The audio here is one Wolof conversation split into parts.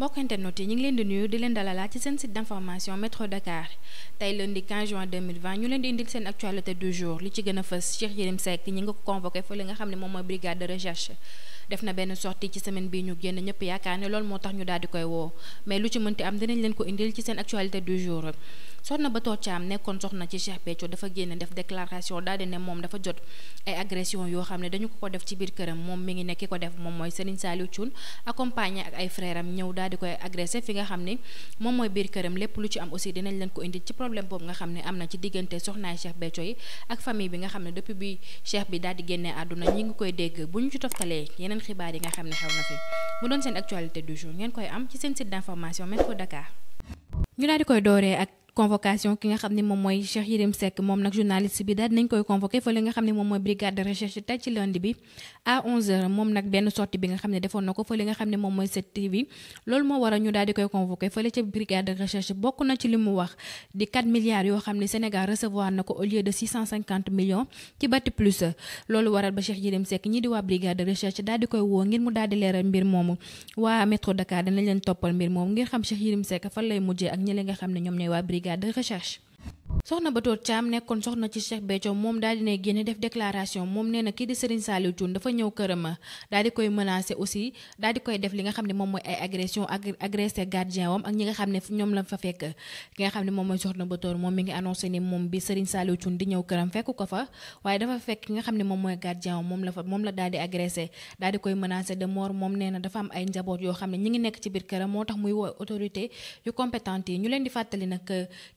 mbokk internet yi ñu ngi leen di nuyu di leen dalalaat ci seen site d'information métro Dakar tey lundi 15 juin 2020 ñu leen di indil seen actualité du jour li ci gën a fës Cheikh Yérim Seck ñi nga ko convoqué fële nga xam ne moom mooy brigade de recherche def na benn sortie ci semaine bi ñu génn ñëpp yaakaar ne lool moo tax ñu daal di koy woo mais lu ci mënti am dinañ leen ko indil ci seen actualité du jour soxna Bator Thiam nekkoon soxna ci Cheikh Béthio dafa génn def déclaration daal di ne moom dafa jot ay agression yoo xam ne dañu ko ko def ci biir këram moom mi ngi nekk ki ko def mooy Serigne Saliou Thioune accompagné ak ay frère am ñëw daal nga xam ne moom mooy biir këram lépp lu ci am aussi dinañ leen ko indi ci problème boobu nga xam ne am na ci diggante soxnaay Cheikh Béthio yi ak famille bi nga xam ne depuis bi Cheikh bi daal di génnee àdduna ñi ngi koy dégg bu ñu ci toftalee yeneen xibaar yi nga xam ne xew na fi mu doon seen actualité du jour ngeen koy am ci seen site d'information Métro Dakar ñu convocation ki nga xam ne moom mooy Cheikh Yérim Seck moom nag journaliste bi daal dinañ koy convoqué fële nga xam ne moom mooy brigade recherche tey ci lundi bi à 11h moom nag benn sortie bi nga xam ne defoon na ko fële nga xam ne moom mooy 7TV loolu waral ba Cheikh Yérim Seck ñi di waa brigade recherche daal di koy woo ngir mu daal di leeral mbir moomu waa métro Dakar danañ leen toppal mbir moomu ngir xam Cheikh Yérim Seck fan lay mujjee ak brigade de recherche. soxna Batoor Thiam nekkoon soxna ci Cheikh Béthio moom daal dinay génne def déclaration moom nee kii di Serigne Saliou Thioune dafa ñëw këram daal di koy menacer aussi daal di koy def li nga xam ne moom mooy ay agression ak agressé gardien wam ne ñoom la fa fekk ki nga xam ne moom mooy soxna Batoor moom moom bi Serigne Saliou Thioune di ñëw këram ko fa waaye dafa nga xam ne moom mooy gardien wam moom la fa moom la daal di agressé daal di koy am ay njaboot yoo xam ne ñi ngi nekk ci biir këram moo tax muy woo autorité yu compétente yi ñu leen di fàttali nag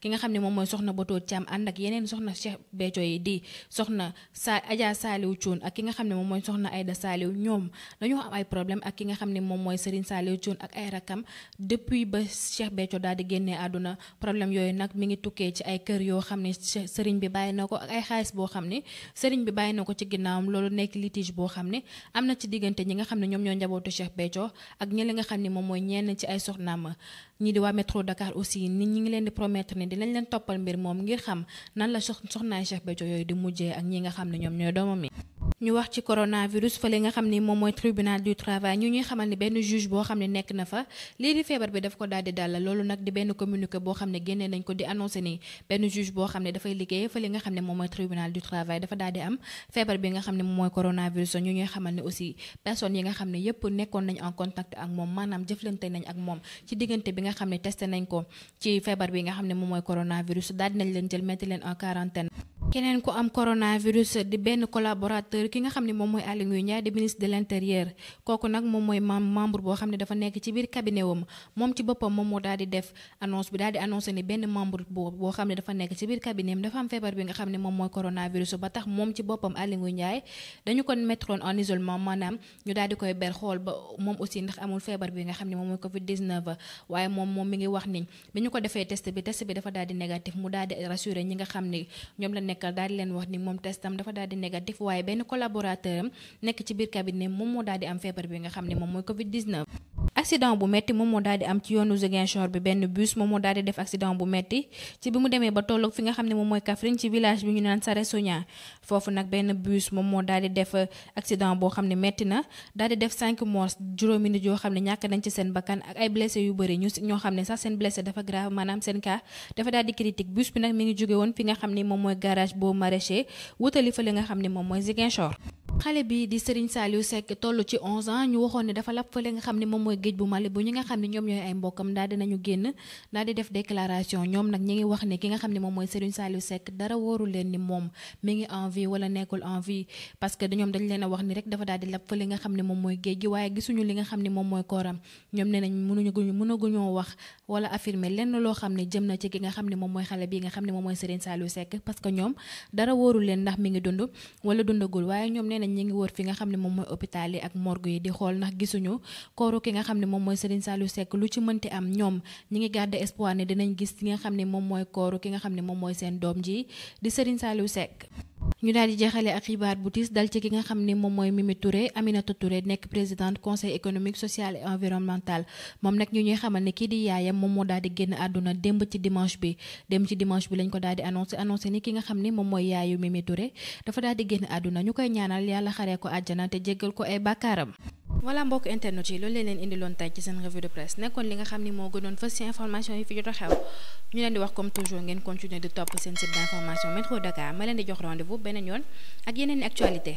ki nga xam ne moom mooy soxna Batoor Diop ànd ak yeneen soxna Cheikh Béthio yi di soxna sa Adja Saliou ak ki nga xam ne moom mooy soxna Aïda Saliou ñoom dañoo am ay problème ak ki nga xam ne moom mooy Serigne Saliou Thioune ak ay rakam depuis ba Cheikh Béthio daal yooyu nag mi ngi tukkee ci ay kër yoo xam ne Serigne bi bàyyi na ko ak ay boo xam ne Serigne bi bàyyi na ko ci ginnaawam loolu nekk litige boo xam ne na ci diggante ñi nga ne ñoom ñoo njabootu Cheikh Béthio ak ñi li nga xam mooy ñenn ci ay soxnaam ñi di waa métro Dakar aussi nit ñi ngi leen di promettre ne dinañ leen toppal mbir moom ngir xam nan la sox soxnaay Cheikh Béthio yooyu di mujjee ak ñi nga xam ne ñoom ñooy doomam yi ñu wax ci coronavirus fële nga xam ni moom mooy tribunal du travail ñu ñuy xamal ni benn juge boo xam ne nekk na fa lii di feebar bi daf ko daal di loolu nag di benn communiqué boo xam ne génnee nañ ko di annoncé ni benn juge boo xam ne dafay liggéey fële nga xam ne moom mooy tribunal du travail dafa daal di bi nga xam ne moom mooy coronavirus ñu ñuy xamal ne aussi personnes yi nga xam ne yëpp nekkoon nañ en contact ak moom maanaam jëflante nañ ak moom ci diggante bi nga xam ne testé nañ ko ci feebar bi nga xam ne moom mooy coronavirus daal dinañ leen jël metti leen en quarantaine keneen ko am coronavirus di benn collaborateur ki nga xam ne moom mooy Aly Ngouille Ndiaye di ministre de l' intérieur kooku nag moom mooy mem membre boo xam ne dafa nekk ci biir cabinet wam moom ci boppam moom moo daal di def annonce bi daal di ni benn membre boobu boo xam ne dafa nekk ci biir cabinet am dafa am feebar bi nga xam ne moom mooy coronavirus ba tax moom ci boppam Aly ko mettroon en maanaam ñu daal di koy ber xool ba moom aussi ndax amul feebar bi nga xam ne moom mooy covid 19 waaye moom moom mi ngi wax ni bi ko defee test bi test bi dafa daal di négatif mu daal di ñi nga xam ne ñoom la nekk nag daal di leen wax ni moom testam dafa daal di négatif waaye benn collaborateur am nekk ci biir cabinet moom moo daal di am feebar bi nga xam ne moom mooy Covid 19. accident bu metti moom moo daal di am ci yoonu Ziguinchor bi benn bus moom moo daal di def accident bu metti ci bi mu demee ba tolloog fi nga xam ne moom mooy Kaffrine ci village bi ñu naan Saresoña foofu nag benn bus moom moo daal di def accident boo xam ne metti na daal di def cinq morts juróomi nit yoo xam ne ñàkk nañ ci seen bakkan ak ay blessé yu bëri ñoo xam ne sax seen blessé dafa maanaam seen cas dafa daal di critique bus bi nag mi ngi jóge woon fi nga xam ne moom mooy garage boo maraîcher wutali fa li nga xam ne moom mooy Ziguinchor xale bi di Serigne Saliou Seck toll ci 11 ans ñu waxoon ne dafa lab fële nga xam ne moom mooy géej bu Mali bu ñi nga xam ne ñoom ñooy ay mbokkam daal dinañu nag ñi ngi wax ne ki nga xam ne moom mooy Serigne Saliou Seck dara wóoru leen ni moom mi ngi en vie wala en vie parce que ñoom dañ leen a wax ni rek dafa daal di lab fële nga xam ne moom mooy géej gi waaye gisuñu li nga xam ne moom mooy kooram ñoom nee nañ mënuñu mënaguñoo wax wala affirmer lenn loo xam ne jëm na ci ki nga xam ne moom mooy xale bi nga xam ne moom mooy Serigne Saliou Seck parce que ñoom dara wóoru leen ndax mi ngi dund wala dundagul waaye ñoom nee ñu ngi wër fi nga xam ne moom mooy hôpital yi ak morgue yi di xool ndax gisuñu kooru ki nga xam ne moom mooy Serigne Saliou Seck lu ci mënti am ñoom ñi ngi garde espoir ne dinañ gis ki nga xam ne moom mooy kooru ki nga xam ne moom mooy seen doom ji di Serigne Saliou Seck ñu daal di jeexale ak xibaar bu tiis dal ci ki nga xam ne moom mooy Mimi Touré Aminata Touré nekk président conseil économique social et environnemental moom nag ñu ñuy xamal ne kii di yaayam moom moo daal di génn àdduna démb ci dimanche bi démb ci dimanche bi lañ ko daal di annoncé annoncé ni ki nga xam ne moom mooy yaayu Mimi Touré dafa daal di génn àdduna ñu koy ñaanal yàlla xaree ko àjjana te jegal ko ay bàkkaaram voilà mbokk internet yi loolu leen leen indiloon tey ci seen revue de presse nekkoon li nga xam ni moo gënoon fës ci information yi fi jot a xew ñu leen di wax comme toujours ngeen continuer di topp seen site d'information métro Dakar ma leen di jox rendez-vous beneen yoon ak yeneen actualité